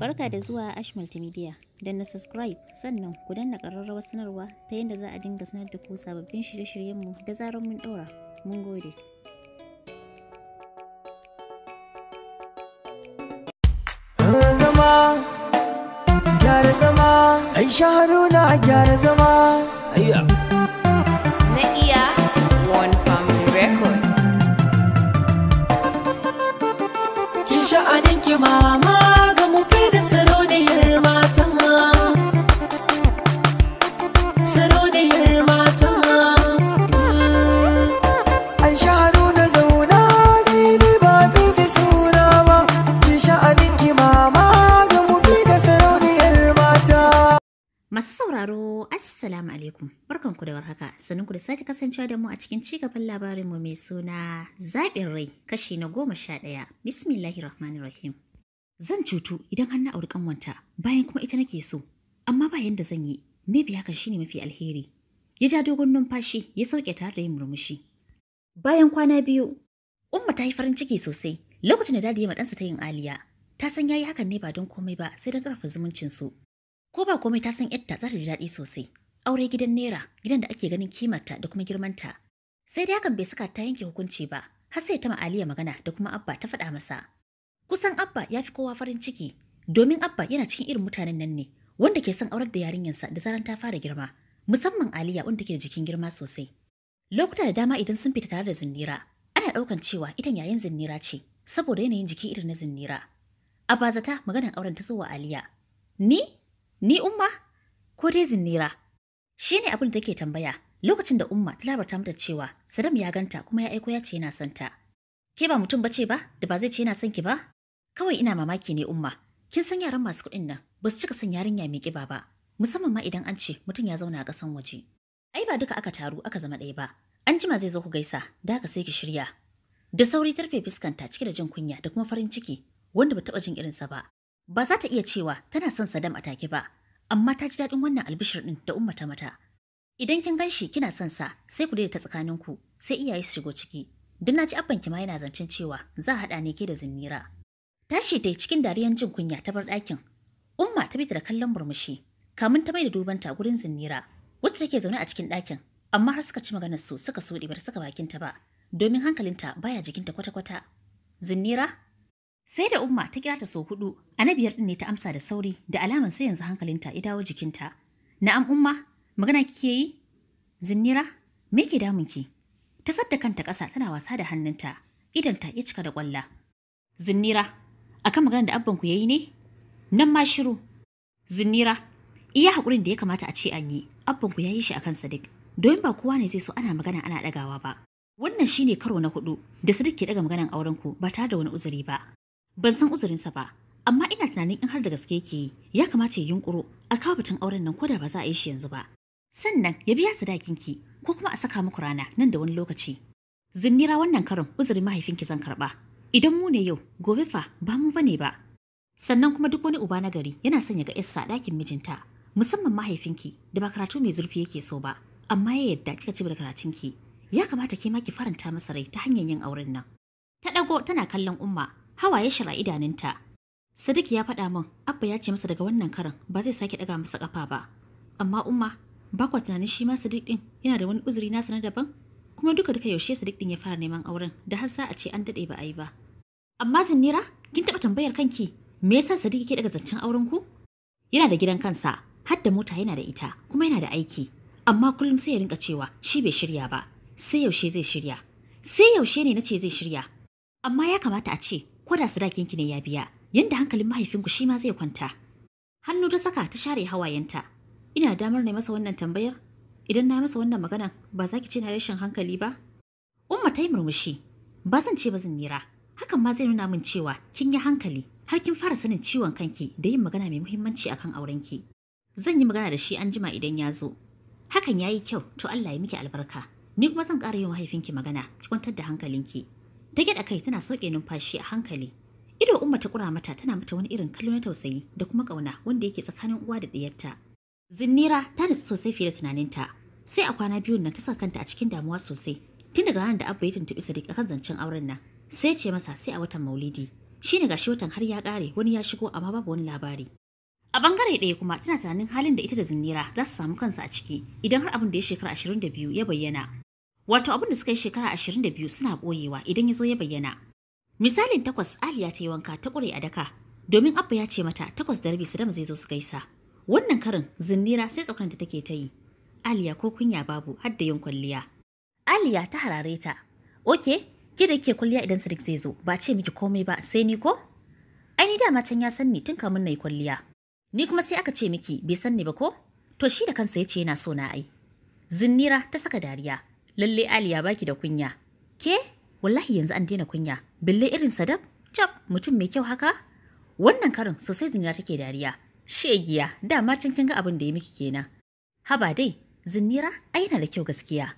Barka da zuwa Ash Multimedia. Don na subscribe sannan ku danna ƙararrawar sanarwa ta yadda za a dinga sanar da ku sababbin shirye-shiryenmu da zarar mun ɗora. Mun gode. Aisha Haruna gyara zama. Na iya One Family Record. Kin sha'anin ki ma. Masu sauraro, Assalamu alaikum, barkan ku da warhaka, ku da sake kasancewa da mu a cikin cigaban mu mai suna zaɓin rai kashi na goma sha ɗaya, rahim Zan cutu idan hannu auri ƙanwata bayan kuma ita nake so, amma ba yanda zan yi, me bi hakan shine mafi alheri. Ya ja dogon numfashi ya sauke tare da yin murmushi. Bayan kwana biyu, Umma ta yi farin ciki sosai lokacin da dadi ya ma ɗansa ta yin aliya. Ta san ya hakan ne ba don komai ba sai don ƙarfafa zumuncinsu. Ko ba komai ta san yadda za ta ji daɗi sosai. Aure gidan Naira, gidan da ake ganin kimarta da kuma girmanta. Sai dai hakan bai saka ta yanke hukunci ba, har sai ta ma'aliya magana da kuma Abba ta faɗa masa. Kusan Abba ya fi kowa farin ciki, domin Abba yana cikin irin mutanen nan ne, wanda ke son aurar da yarinyarsa da zaran ta fara girma, musamman Aliya wanda ke da jikin girma sosai. Lokuta da dama idan sun fita tare da zinnira, ana ɗaukan cewa ita yayin zinnira ce, saboda yanayin jiki irin na zinnira. A bazata maganar auren ta zo wa Aliya. Ni? Ni Umma? Ko dai Zinnira? Shi ne abin da take tambaya lokacin da Umma ta labarta mata cewa Sadam ya ganta kuma ya aiko ya ce yana son ta. Ke ba mutum bace ba da ba zai ce yana son ki ba? Kawai ina mamaki ne Umma. Kin san yaran masu kuɗin nan ba su cika son yarinya mai kiba ba, musamman ma idan an ce mutum ya zauna a ƙasan waje. Ai ba duka aka taru aka zama ɗaya ba. An jima zai zo ku gaisa, da haka sai ki shirya. Da sauri tarfe fuskanta cike da jin kunya da kuma farin ciki wanda ba taɓa jin irinsa ba. Ba za ta iya cewa tana son Saddam a take ba, amma ta ji daɗin wannan albishir ɗin da umma ta mata. Idan kin gan shi kina son sa, sai ku daidaita tsakaninku, sai iyaye su shigo ciki. Don na ci abban ki ma yana zancen cewa za a haɗa ne ke da zinnira. Tashi ta cikin dariyan jin kunya ta bar ɗakin. Umma ta bi da kallon murmushi, kamun ta bai da duban ta gurin zinnira, wacce take zaune a cikin ɗakin, amma har suka ci maganar su suka so bar saka bakinta ba, domin hankalinta baya jikinta kwata-kwata. Zinnira, Sai da Umma ta kira ta sau hudu, Anabiyar ɗin ne ta amsa da sauri da alaman sai yanzu hankalinta ya dawo jikinta. Na'am Umma, magana kike yi? Zinnira, me ke damun ki? Ta sadda kanta ƙasa tana wasa da hannunta, idanta ya cika da ƙwalla. Zinnira, akan maganar da ku yayi ne? Nan ma shiru. Zinnira, iya haƙurin da ya kamata a ce an yi, abban ya yi shi akan Sadik, domin ba kowa ne zai so ana magana ana ɗagawa ba. Wannan shine karo na hudu da Sadik ke ɗaga maganar aurenku ba tare da wani uzuri ba. ban san uzurinsa ba amma ina tunanin in har da gaske yake yi ya kamata ya yunkuro a kawo batun auren nan koda ba za a yi shi yanzu ba sannan ya biya sadakinki ko kuma a saka muku rana nan da wani lokaci zinnira wannan karin uzurin mahaifinki zan karba idan mu ne yau gobe fa ba mu bane ba sannan kuma duk wani uba na gari yana sanya ga yarsa a dakin mijinta musamman mahaifinki da ba karatu mai zurfi yake so ba amma ya yadda kika ci da karatunki ya kamata ke ma ki faranta masa rai ta hanyar yin auren nan ta dago tana kallon umma Hawa ya shira idaninta. Sadiq ya faɗa min, Abba ya ce masa daga wannan karin ba zai sake ɗaga masa ƙafa ba. Amma Umma, ba kwa tunanin shi ma Sadiq ɗin yana da wani uzuri nasa na daban? Kuma duka duka yaushe Sadiq ɗin ya fara neman auren da har sa a ce an daɗe ba a yi ba. Amma Zinnira, kin taɓa tambayar kanki me yasa Sadiq yake daga zancen auren ku? Yana da gidan kansa, har da mota yana da ita, kuma yana da aiki. Amma kullum sai ya rinka cewa shi bai shirya ba, sai yaushe zai shirya. Sai yaushe ne na ce zai shirya. Amma ya kamata a ce ko da sadakin ki ne ya biya yanda hankalin mahaifinku shi ma zai kwanta hannu ta saka ta share hawayenta ina damar na masa wannan tambayar idan na masa wannan magana ba za ki ce na rashin hankali ba umma ta yi murmushi ba zan ce ba zan nira hakan ma zai nuna min cewa kin yi hankali har kin fara sanin ciwon kanki da yin magana mai muhimmanci akan aurenki zan yi magana da shi an jima idan ya zo hakan ya yi kyau to Allah ya miki albarka ni kuma zan ƙara yin mahaifinki magana ki kwantar da hankalinki Ta da kai tana sauke numfashi a hankali. Ido Umma ta kura mata tana mata wani irin kallo na tausayi da kuma ƙauna wanda yake tsakanin uwa da diyarta. Zinnira ta nasu sosai fiye da tunaninta. Sai a kwana biyun nan ta saka kanta a cikin damuwa sosai. Tun daga ranar da Abba ya tuntuɓi Sadiq kan zancen auren nan, sai ce masa sai a watan Maulidi. Shi ne gashi watan har ya kare wani ya shigo amma babu wani labari. A bangare ɗaya kuma tana tunanin halin da ita da zinnira za su samu kansu a ciki idan har abin da ya shekara 22 ya bayyana Wato abin da suka yi shekara ashirin 22 suna ɓoyewa idan ya zo ya bayyana. Misalin takwas Aliya ta yi wanka ta ƙure a daka domin Abba ya ce mata takwas da rabi Sadam zai zo su gaisa. Wannan karin zinnira sai tsokanta take ta yi. Aliya ko kunya babu har da yin kwalliya. Aliya ta harare ta. Oke, ki da ke kwalliya idan Sadiq zai zo ba ce miki komai ba sai ni ko? Ai ni dama can ya san ni tun kamun na yi kwalliya. Ni kuma sai aka ce miki bai san ni ba ko? To shi da kansa ya ce yana so na ai. Zinnira ta saka dariya. Lalle Aliya baki da kunya. Ke? Wallahi yanzu an daina kunya. Bille irin sadab? Cap, mutum mai kyau haka? Wannan karin sosai zinira take dariya. Shegiya, dama can kin ga abin da ya miki kenan. Haba dai, zinira A yana da kyau gaskiya.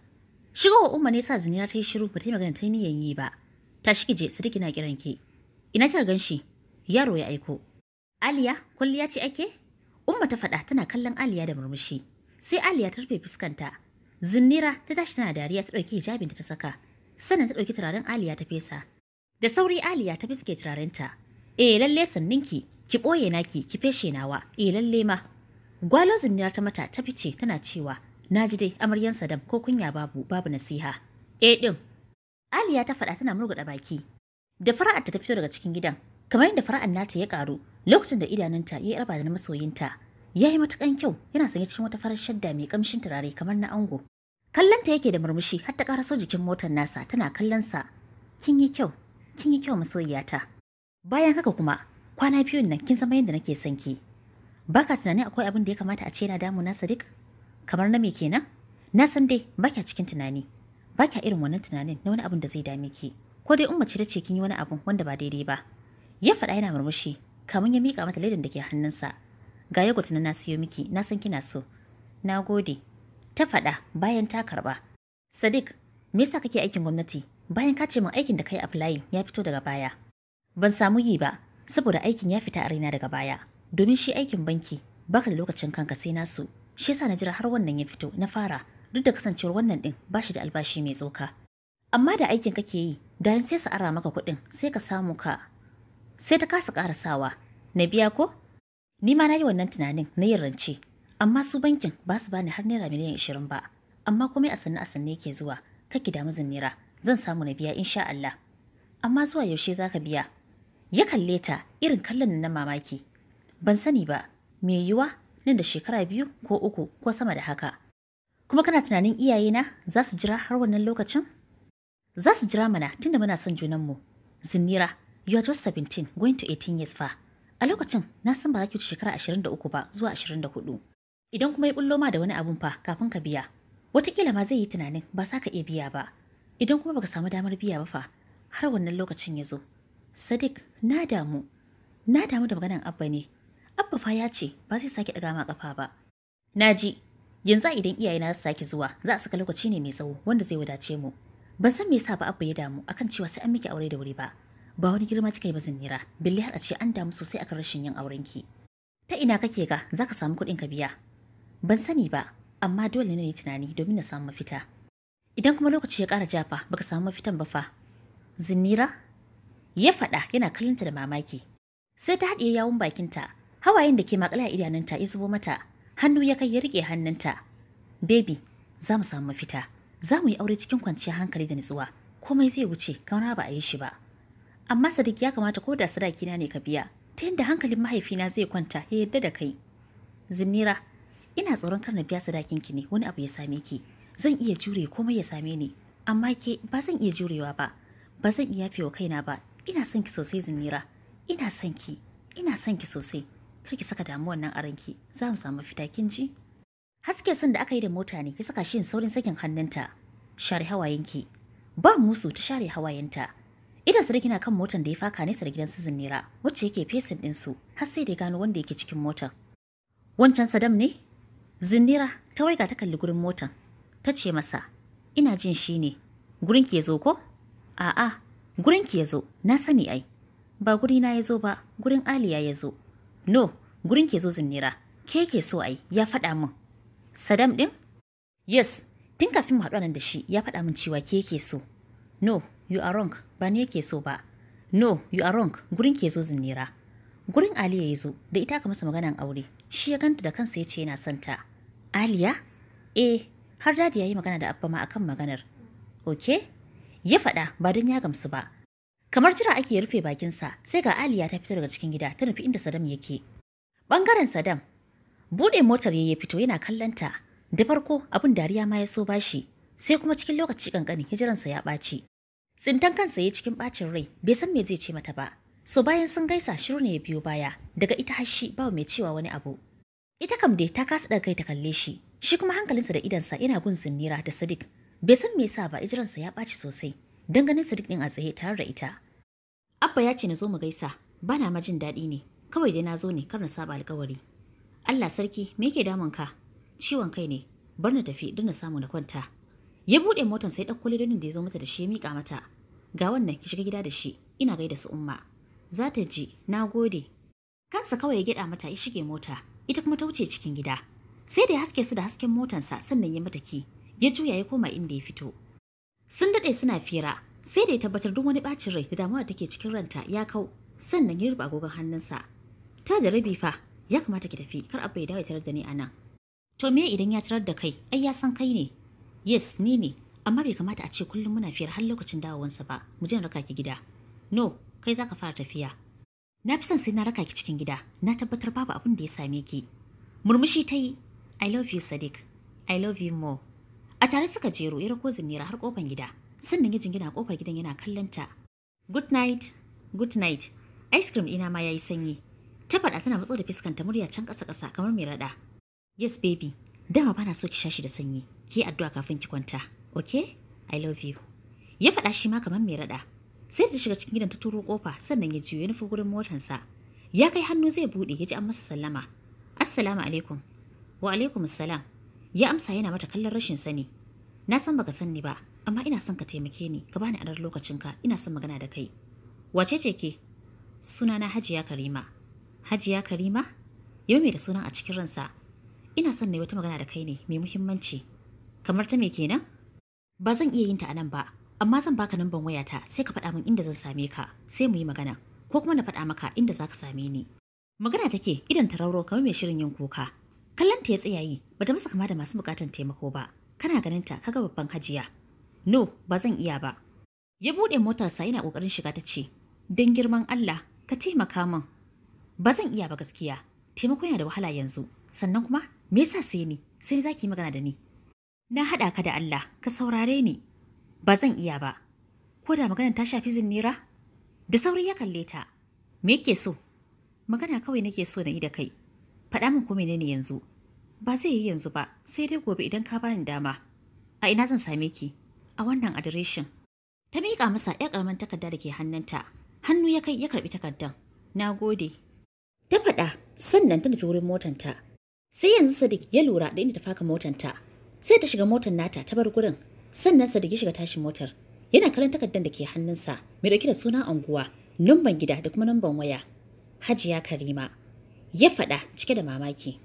wa Umma ne sa zinira ta yi shiru ba ta yi magana ta niyan yi ba. Ta shi je Sadiki na kiran ki. Ina kika gan shi? Yaro ya aiko. Aliya, kulliya ce ake? Umma ta faɗa tana kallon Aliya da murmushi. Sai Aliya ta rufe fuskanta Zinnira ta tashi tana dariya ta ɗauki hijabin ta saka, sannan ta ɗauki turaren Aliya ta fesa. Da sauri Aliya ta fiske turarenta. Eh lalle sanninki, ki ɓoye naki, ki feshe nawa, E, lalle ma. Gwalo zinnira ta mata ta fice tana cewa, na ji dai amaryan Sadam ko kunya babu babu nasiha. Eh ɗin. Aliya ta faɗa tana murgaɗa baki. Da fara'ar ta fito daga cikin gidan, kamar yadda fara'ar nata ya ƙaru lokacin da idanunta ya yi raba da na masoyinta. Ya yi matuƙan kyau yana sanye cikin wata farar shadda mai ƙamshin turare kamar na ango. kallanta yake da murmushi har ta karaso jikin motar nasa tana kallonsa kin yi kyau kin yi kyau masoyiyata bayan haka kuma kwana biyun nan kin zama yadda nake son ki baka tunanin akwai abin da ya kamata a ce na damu na Sadiq kamar na me kenan na san dai ba a cikin tunani ba a irin wannan tunanin na wani abin da zai dame ki ko dai umma ce kin yi wani abin wanda ba daidai ba ya faɗa yana murmushi kamun ya mika mata ledan da ke hannunsa ga yogurt na na siyo miki na san kina so na gode ta faɗa bayan ta karɓa. Sadiq, me yasa kake aikin gwamnati? Bayan ka ce min aikin da kai apply ya fito daga baya. Ban samu yi ba, saboda aikin ya fita a raina daga baya. Domin shi aikin banki, baka da lokacin kanka sai nasu. Shi yasa na jira har wannan ya fito na fara, duk da kasancewar wannan din ba shi da albashi mai tsoka. Amma da aikin kake yi, da sai su ara maka kuɗin, sai ka samu ka. Sai ta kasa ƙarasawa. Na biya ko? Ni ma na yi wannan tunanin na yin rance, amma su bankin ba su bani har naira miliyan 20 ba amma kuma a sanna a sanne yake zuwa kake da mijin naira zan samu na biya insha Allah amma zuwa yaushe zaka biya ya kalle ta irin kallon na mamaki ban sani ba me yiwa nan da shekara biyu ko uku ko sama da haka kuma kana tunanin iyaye na za su jira har wannan lokacin za su jira mana tunda muna son junan mu zinnira you are just 17 going to 18 years fa a lokacin na san ba za ki shekara 23 ba zuwa 24 Idan kuma ya bullo ma da wani abun fa kafin ka biya, watakila ma zai yi tunanin ba sa ka iya biya ba. Idan kuma baka samu damar biya ba fa, har wannan lokacin ya zo. Sadiq, na damu. Na damu da maganan Abba ne. Abba fa ya ce ba zai sake ɗaga ma kafa ba. Na ji, yanzu idan iyaye na su sake zuwa, za a saka lokaci ne mai tsawo wanda zai wadace mu. Ban san me yasa ba Abba ya damu akan cewa sai an miki aure da wuri ba. Ba wani girma kika yi ba nira balle har a ce an damu sosai akan rashin yin aurenki. ta ina kake ga zaka samu kuɗin ka biya Ban sani ba, amma dole ne tunani domin na samu mafita. Idan kuma lokaci ya ƙara jafa baka samu mafitan ba fa. Zinnira? Ya faɗa yana kallonta da mamaki. Sai ta haɗiye yawun bakinta, hawayen da ke maƙala a idanunta ya zubo mata, hannu ya kai ya riƙe hannunta. Baby, za mu samu mafita. Za mu yi aure cikin kwanciyar hankali da nutsuwa. Komai zai wuce, kamar ba a yi shi ba. Amma Sadiq ya kamata ko da sadaki na ne ka biya, ta yadda hankalin mahaifina zai kwanta ya yadda da kai. Zinnira, ina tsoron kar na biya sadakin ki ne wani abu ya same ki zan iya jure komai ya same ni amma ke ba zan iya jurewa ba ba zan iya fiye kaina ba ina son ki sosai zumira ina son ki ina son ki sosai kar ki saka damuwan nan a ranki za mu samu fita kin ji haske son da aka yi da mota ne ki saka shi saurin sakin hannunta share hawayenki ba musu ta share hawayenta idan sarki na kan motar da ya faka nesa da gidan su zinnira wacce yake fesin din su har sai da gano wanda yake cikin motar wancan sadam ne Zinnira ta waiga ta kalli gurin motan. Ta ce masa, ina jin shi ne, gurinki ya zo ko? A'a, gurinki ya zo, na sani ai. Ba gurina ya zo ba, gurin Aliya ya zo. No, gurinki ya zo Zinnira, ke ke so ai, ya faɗa min. Sadam ɗin? Yes, tun kafin mu haɗu nan da shi ya faɗa min cewa ke ke so. No, you are wrong, ba ni yake so ba. No, you are wrong, gurin ke zo zinnira. Gurin Aliya ya zo, da ita aka masa maganan aure, shi ya ganta da kansa ya ce yana son ta. Aliya? Eh, har dadi ya yi magana da abba ma akan maganar. Oke? Ya faɗa ba don ya gamsu ba. Kamar jira ake rufe bakinsa sai ga Aliya ta fito daga cikin gida ta nufi inda Sadam yake. Bangaren Sadam, buɗe motar ya fito yana kallanta. Da farko abin dariya ma ya so bashi, sai kuma cikin lokaci kankani hijiransa ya ɓaci. Tsintan kansa ya cikin ɓacin rai, bai san me zai ce mata ba. So bayan sun gaisa shiru ne ya biyo baya, daga ita hashi ba mai cewa wani abu. Ita kam dai ta kasa daga kai ta kalle shi, shi kuma hankalinsa da idansa yana gun zinnira da Sadiq. Bai san me yasa ba ijiransa ya ɓaci sosai, don ganin Sadiq ɗin a tsaye tare da ita. Abba ya ce na zo mu gaisa, ba na majin daɗi ne, kawai dai na zo ne kar na saba alkawari. Allah sarki, me yake damun ka? Ciwon kai ne, bar na tafi don na samu na kwanta. Ya buɗe motan sai ɗauko ledonin da ya zo mata da shi ya miƙa mata. Ga wannan ki shiga gida da shi, ina gaida su umma. Za ta ji, na gode. Kansa kawai ya gyaɗa mata ya shige mota. ita kuma ta wuce cikin gida. Sai da ya haske su da hasken motansa sannan ya mataki. ya juya ya koma inda ya fito. Sun daɗe suna fira, sai da ya tabbatar duk wani ɓacin rai da damuwa take cikin ranta ya kau, sannan ya rufe agogon hannunsa. Ta da rabi fa, ya kamata ki tafi, kar abu ya dawo ya tarar da ni anan. nan. To me idan ya tarar da kai, ai ya san kai ne. Yes, ni ne, amma bai kamata a ce kullum muna fira har lokacin dawowansa ba, mu je raka ki gida. No, kai za ka fara tafiya. Na fi son sai na raka ki cikin gida, na tabbatar babu abin da ya same ki. Murmushi ta yi, I love you Sadiq, I love you more. A tare suka jero ya ko zinira har kofar gida, sannan ya jingina kofar gidan yana kallon ta. Good night, good night. Ice cream ina ma ya yi sanyi. Ta faɗa tana matso da fiskanta murya can ƙasa-ƙasa kamar mai raɗa. Yes baby, dama bana so ki sha shi da sanyi. Ki yi addu'a kafin ki kwanta. Okay? I love you. Ya faɗa shi ma kamar mai raɗa. sai da shiga cikin gidan ta turo kofa sannan ya jiyo ya nufi gurin motarsa ya kai hannu zai bude ya ji an masa sallama assalamu alaikum wa alaikum assalam ya amsa yana mata kallon rashin sani na san baka san ni ba amma ina son ka taimake ni ka bani adar ka ina son magana da kai wace ce ke na hajiya karima hajiya karima yau mai da sunan a cikin ransa ina son na yi wata magana da kai ne mai muhimmanci kamar ta me kenan ba zan iya yin ta a nan ba amma zan baka namban wayata sai ka faɗa min inda zan same ka sai mu yi magana ko kuma na faɗa maka inda za ka same ni magana take idan ta rauro kamar mai shirin yin kuka kallon ta ya tsaya yi ta masa kama da masu bukatan taimako ba kana ganin ta kaga babban hajiya no ba zan iya ba ya buɗe motarsa yana ƙoƙarin shiga ta ce don girman Allah ka taimaka min ba zan iya ba gaskiya taimako yana da wahala yanzu sannan kuma me yasa sai ni sai zaki magana da ni na haɗa ka da Allah ka saurare ni Ba zan iya ba. Ko da maganar ta shafi zinnera Da sauri ya kalle ta. Me ke so? Magana kawai nake so na yi da kai. Faɗa min ko menene yanzu? Ba zai yi yanzu ba, sai dai gobe idan ka bani dama. A ina zan same ki? A wannan adireshin. Ta miƙa masa ‘yar ƙaramin takarda da ke hannunta. Hannu ya kai ya karɓi takardan. Na gode. Ta faɗa sannan ta nufi wurin motanta. Sai yanzu Sadiq ya lura da inda ta faka motanta. Sai ta shiga motar nata ta bar gurin sannan Sadiq shiga tashin motar. Yana kallon takardar da ke hannunsa mai dauke da suna anguwa, numban gida da kuma numban waya. Hajiya Karima ya faɗa cike da mamaki.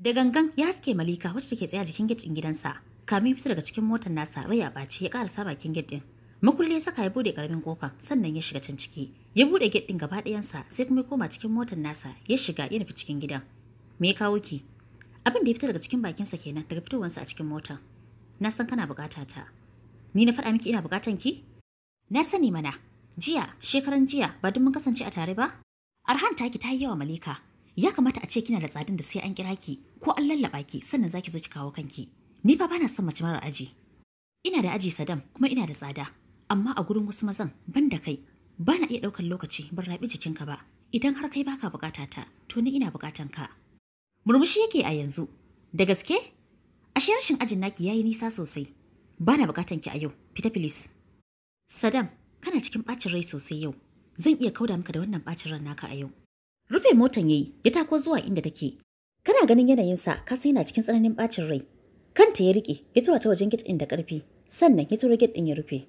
Da gangan ya haske Malika wacce take tsaye jikin gidan gidansa. Kamin fita daga cikin motar nasa rai a baci ya karasa bakin gate din. Makulli ya saka ya bude karamin kofar sannan ya shiga can ciki. Ya bude gate gaba ɗayansa sai kuma ya koma cikin motar nasa ya shiga ya nufi cikin gidan. Me ya kawo ki? Abin da ya fita daga cikin bakinsa kenan daga fitowarsa a cikin motar. na san kana bukata ta. Ni na faɗa miki ina bukatan ki? Na sani mana, jiya, shekaran jiya ba duk mun kasance a tare ba? Arhan taki ta yi yawa Malika. Ya kamata a ce kina da tsadin da sai an kira ki ko an lallaba ki sannan zaki zo ki kawo kanki. Ni fa bana son mace mara aji. Ina da aji sadam kuma ina da tsada. Amma a gurin wasu mazan ban da kai bana iya ɗaukar lokaci ban raɓi jikinka ba. Idan har kai baka bukata ta, to ni ina bukatan ka. Murmushi yake a yanzu. Da gaske? Ashe rashin ajin naki yayi nisa sosai. Bana bukatan ki a yau, fita filis. Sadam, kana cikin bacin rai sosai yau. Zan iya kauda maka da wannan ɓacin ran naka a yau. Rufe motan yayi, ya tako zuwa inda take. Kana ganin yanayinsa, ka san yana cikin tsananin ɓacin rai. Kanta ya rike, ya tura ta wajen gate din da karfi sannan ya tura gate ɗin ya rufe.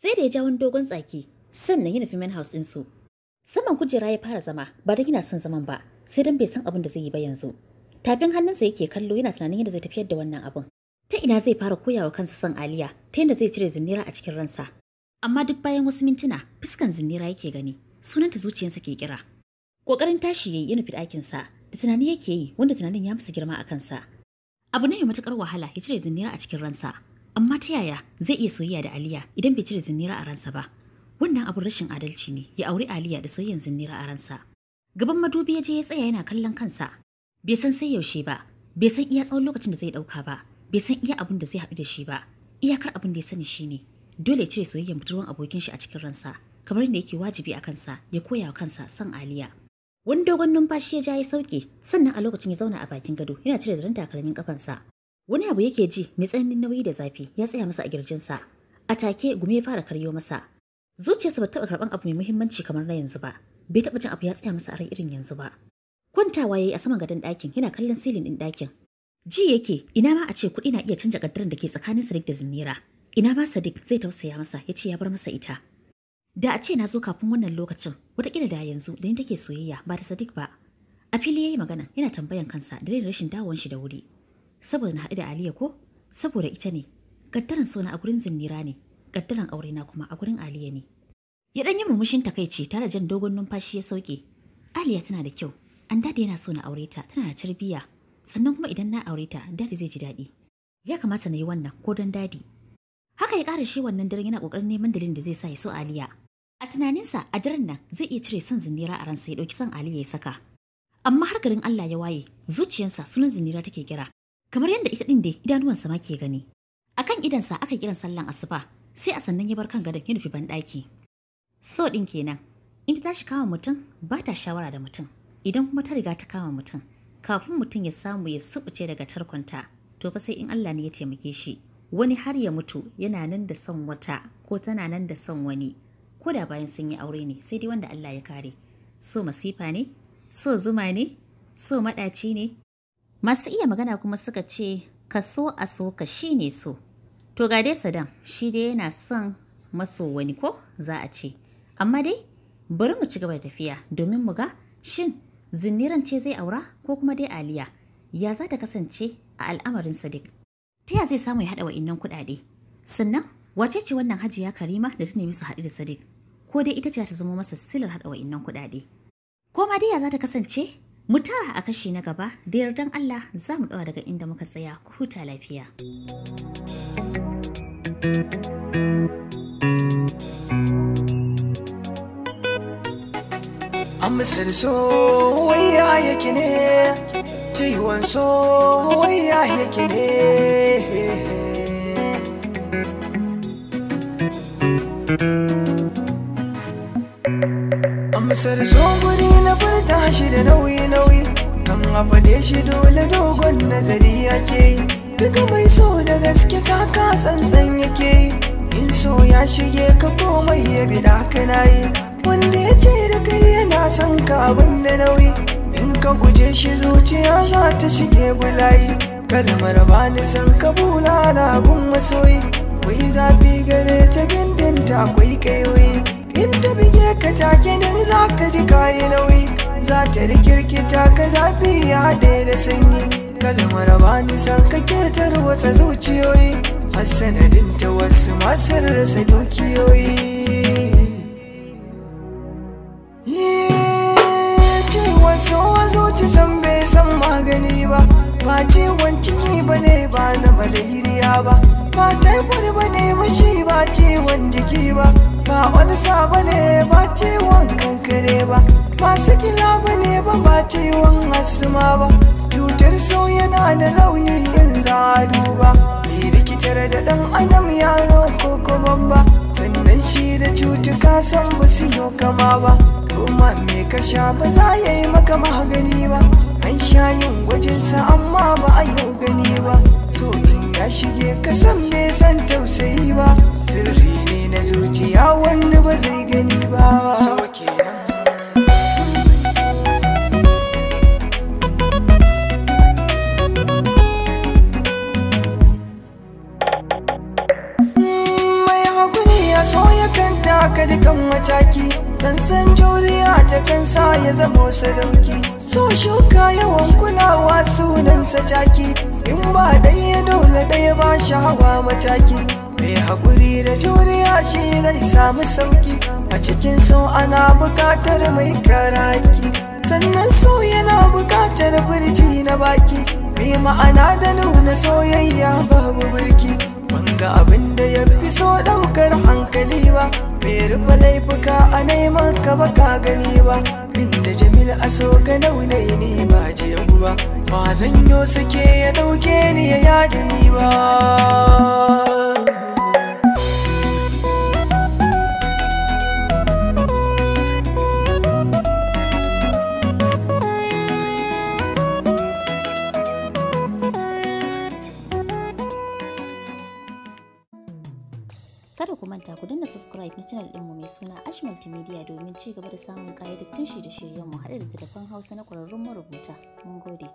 Sai da ya ja wani dogon tsaki, sannan ya nufi main house su. Saman kujera ya fara zama, ba da yana son zaman ba, sai dan bai san abin da zai yi ba yanzu. Tafin hannunsa yake kallo yana tunanin yadda zai tafiyar da wannan abin. Ta ina zai fara koyawa kansa son Aliya, ta yadda zai cire zinnira a cikin ransa. Amma duk bayan wasu mintuna, fuskan zinnira yake gani, sunanta zuciyarsa ke kira. Kokarin tashi yayi ya nufi ɗakinsa, da tunani yake yi wanda tunanin ya masa girma a kansa. Abu ne mai matukar wahala ya cire zinnira a cikin ransa, amma ta yaya zai iya soyayya da Aliya idan bai cire zinnira a ransa ba? Wannan abun rashin adalci ne ya auri Aliya da soyayyan zinnira a ransa. Gaban madubi ya je ya tsaya yana kallon kansa, bai san sai yaushe ba bai san iya tsawon lokacin da zai dauka ba bai san iya abin da zai haɗu da shi ba iyakar abin da ya sani shine dole ya cire soyayyar budurwan abokin shi a cikin ransa kamar yadda yake wajibi a kansa ya koya wa kansa san aliya wani dogon numfashi ya ja ya sauke sannan a lokacin ya zauna a bakin gado yana cire zaren takalmin kafansa wani abu yake ji mai tsananin nauyi da zafi ya tsaya masa a girjinsa a take gumi ya fara karyo masa zuciyarsa ba taɓa karɓan abu mai muhimmanci kamar na yanzu ba bai taɓa jin abu ya tsaya masa a rai irin yanzu ba Kwantawa yayi a saman gadon ɗakin yana kallon silin ɗin ɗakin. Ji yake ina ma a ce kuɗi na iya canja kaddaran da ke tsakanin Sadiq da Zinnira. Ina ma Sadiq zai tausaya masa ya ce ya bar masa ita. Da a ce na zo kafin wannan lokacin wataƙila da yanzu da ni take soyayya ba da Sadiq ba. A fili ya yi magana yana tambayan kansa da rashin dawon shi da wuri. Saboda na haɗu da Aliya ko? Saboda ita ne. Kaddaran sona a gurin Zinnira ne. Kaddaran aure na kuma a gurin Aliya ne. Ya ɗan yi murmushin takaici tare da jan dogon numfashi ya sauke. Aliya tana da kyau, An dadi yana so na aure ta, tana da tarbiyya. Sannan kuma idan na aure ta, dadi zai ji daɗi. Ya kamata na yi wannan ko don dadi. Haka ya ƙara shi wannan daren yana ƙoƙarin neman dalilin da zai sa ya so Aliya. A tunaninsa a daren nan zai iya cire son zinira a ransa ya ɗauki son Aliya ya saka. Amma har garin Allah ya waye, zuciyarsa sunan zinira take kira. Kamar yadda ita ɗin dai idanuwansa ma ke gani. Akan idansa aka kiran sallan asuba, sai a sannan ya bar kan gadon ya nufi banɗaki. So din kenan, in ta tashi kama mutum ba ta shawara da mutum. idan kuma ta riga ta kama mutum kafin mutum ya samu ya subuce daga tarkonta to fa sai in Allah ne ya taimake shi wani har ya mutu yana nan da son wata ko tana nan da son wani ko da bayan sun yi aure ne sai dai wanda Allah ya kare so masifa ne so zuma ne so madaci ne masu iya magana kuma suka ce ka so a so ka shi ne so to ga dai sadan shi dai yana son maso wani ko za a ce amma dai bari mu ci gaba da tafiya domin mu ga shin Zinniran ce zai aura ko kuma dai Aliya? Ya za ta kasance a al'amarin Sadiq? Ta ya zai samu ya haɗa wa'innan kuɗaɗe? Sannan wace ce wannan hajiya Karima da ta nemi su haɗu da Sadiq? Ko dai ita ce ta zama masa silar haɗa wa'innan kuɗaɗe? Ko ma dai ya za ta kasance? Mu tara a kashi na gaba da yardan Allah za mu ɗaura daga inda muka tsaya ku huta lafiya. thank you amsar so waya yake ne ciwon so waya yake ne amsar so guri na furta shi da nauyi-nauyi kan hafade shi dole dogon nazari yake yi duka mai so da gaske kaka tsantsan yake yi in so ya shige ka komai ya bi da kana yi wanda ya ce san ka abin da nauyi in ka guje shi zuciya za ta shige bulayi kalmar ba ni san ka bulala gun masoyi wai zafi gare ta gindin ta akwai kaiwai in ta bige ka take nan za ka ji kayi nauyi za ta rikirkita ka zafi ya da sanyi kalmar ba ni san ka ketar wasa zuciyoyi a sanadin ta wasu masu rasa dukiyoyi ba ciwon ciki ba ne ba na malayiriya ba ba taifur ba ne mashi ba ciwon jiki ba ba olsa ba ne ba ciwon kankare ba ba sikila ba ne ba ba ciwon asma ba cutar so yana da rauni yin zaru ba ni rikitar da dan adam yaro ko kuma ba sannan shi da cutuka san ba su yi kama ba kuma me ka sha ba za yi maka magani ba an sha yin gwajinsa amma ba a yau gani ba so in ya shige kasan bai san tausayi ba sirri ne na zuciya wani ba zai gani ba so ya so ya taka dukan mataki dan san juriya ta kansa ya zamo sadauki so shuka yawan kulawa sunansa jaki in ba ya dole ɗaya ba shi hawa mataki mai haƙuri da juriya shi zai samu sauki a cikin so ana buƙatar mai karaki sannan so yana buƙatar birji na baki mai ma'ana da nuna soyayya babu birki ban ga abin da ya fi so ɗaukar hankali ba bai rufe laifuka a neman ka ba ka gani ba inda jamil a so ga naunai ni ba jebu ba ba zan yo sake ya dauke ni ya yada ni ba da subscribe na channel ɗinmu mai suna Ash Multimedia domin ci gaba da samun ƙayyadattun shirye-shiryenmu haɗe da telefon Hausa na ƙwararrun marubuta. Mun gode.